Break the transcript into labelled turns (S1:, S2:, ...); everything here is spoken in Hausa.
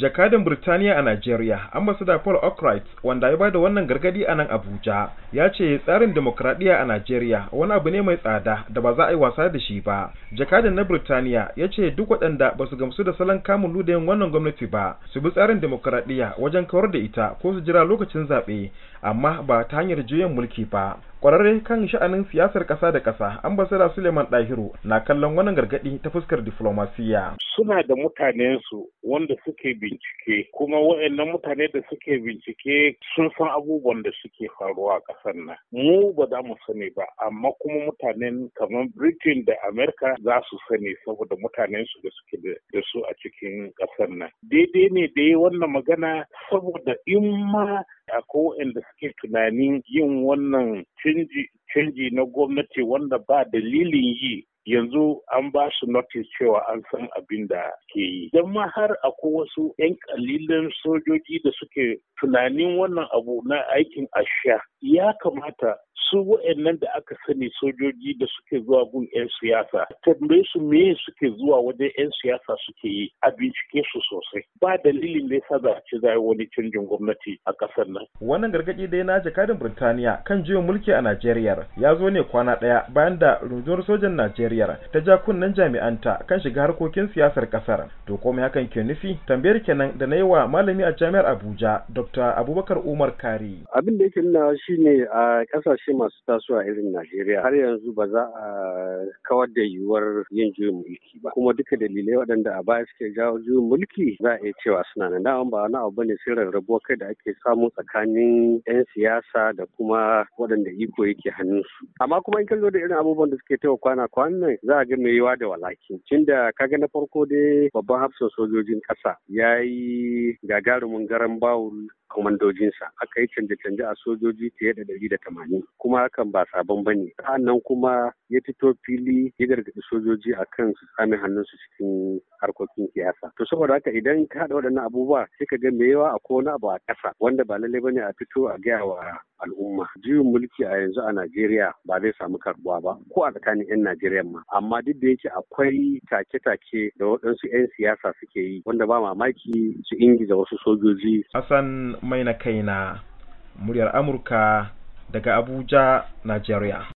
S1: jakadan Birtaniya a Najeriya, Ambassador Paul Ockright, wanda ya bada wannan gargadi a nan Abuja, ya ce tsarin demokradiyya a Najeriya wani abu ne mai tsada da ba za a yi wasa da shi ba. Jakadan na Birtaniya ya ce duk waɗanda ba su gamsu da salon kamun ludayin wannan gwamnati ba, su bi tsarin demokradiyya wajen kawar da ita ko su jira lokacin zaɓe, amma ba ta hanyar juyin mulki ba. kwararre kan sha'anin siyasar ƙasa da ƙasa ambasada suleiman Dahiru na kallon wannan gargaɗi ta fuskar diflomasiya suna
S2: da mutanensu wanda suke bincike kuma wa'annan mutane da suke bincike sun san abubuwan da suke faruwa a ƙasar nan mu ba za mu sani ba amma kuma mutanen kamar britain da america za su sani saboda mutanensu da suke da su a cikin ƙasar nan daidai ne da yi wannan magana saboda in ma akwai wa'anda suke tunanin yin wannan canji na gwamnati wanda ba dalilin yi yanzu an ba su notice cewa an san abin da ke yi. Idan ma har akwai wasu 'yan kalilan sojoji da suke tunanin wannan abu na aikin asha ya kamata su wa'annan da aka sani sojoji da suke zuwa gun 'yan siyasa tambaye su me suke zuwa wajen 'yan siyasa suke yi a bincike su sosai ba dalilin da sa za a ci za wani canjin gwamnati a ƙasar nan
S1: wannan gargaɗi dai na jakadin birtaniya kan juyin mulki a najeriya ya zo ne kwana ɗaya bayan da rundunar sojan najeriya Najeriya ta ja kunnen jami'anta kan shiga harkokin siyasar kasar. To komai hakan ke nufi tambayar kenan da na yi wa malami a jami'ar Abuja Dr. Abubakar Umar Kari. Abin da yake nuna
S3: shine a kasashe masu tasowa irin Najeriya har yanzu ba za a kawar da yiwuwar yin juyin mulki ba kuma duka dalilai waɗanda a baya suke jawo juyin mulki za a iya cewa suna nan dama ba wani abu bane sai rarrabuwa kai da ake samu tsakanin 'yan siyasa da kuma waɗanda iko yake hannunsu amma kuma in kallo da irin abubuwan da suke taɓa kwana kwanan za a ga mai yiwa da walaki tun da kaga na farko dai babban hafsan sojojin ƙasa ya yi gagarumin garan bawul sa aka yi canje-canje a sojoji fiye da ɗari da tamanin kuma hakan ba sabon ba bane sa'annan kuma ya fito fili ya gargaɗi sojoji a kan su hannun hannunsu cikin harkokin siyasa to saboda haka idan ka haɗa waɗannan abubuwa sai ka ga me yawa ko wani abu a ƙasa wanda ba lallai ba ne a fito a gaya wa al'umma juyin mulki a yanzu a Najeriya ba zai samu karbuwa ba ko a tsakanin 'yan Najeriya ma amma duk da yake akwai take-take da waɗansu 'yan siyasa suke yi wanda ba mamaki
S1: su ingiza wasu sojoji. Hassan mai na kaina muryar Amurka daga Abuja, Najeriya.